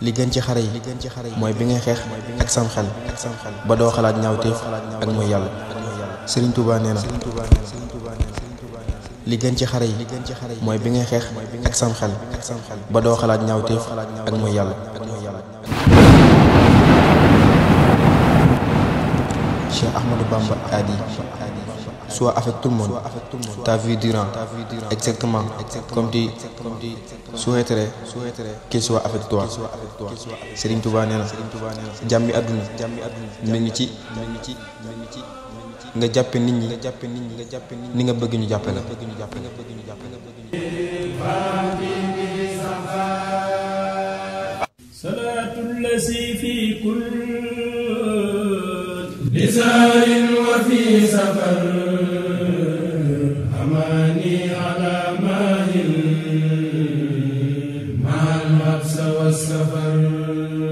li gën ci xare yi mooy bi ngay xeex ak sam xel ba doo xalaat ñaawteef ak mooy yàlla Serigne Touba nee na li gën ci xare yi mooy bi ngay xeex ak sam xel ba doo xalaat ñaawteef mooy yàlla Cheikh Ahmadou soit avec tout le monde ta vie durant exactement comme tu souhaiterais qu'il soit avec toi Serigne Touba nee na jàmmi àdduna mi ngi ci nga jàppe nit ñi ni nga bëgg ñu jàppe la salaatul lazi fi kulli lisanin wa fi safar اليأس والسفر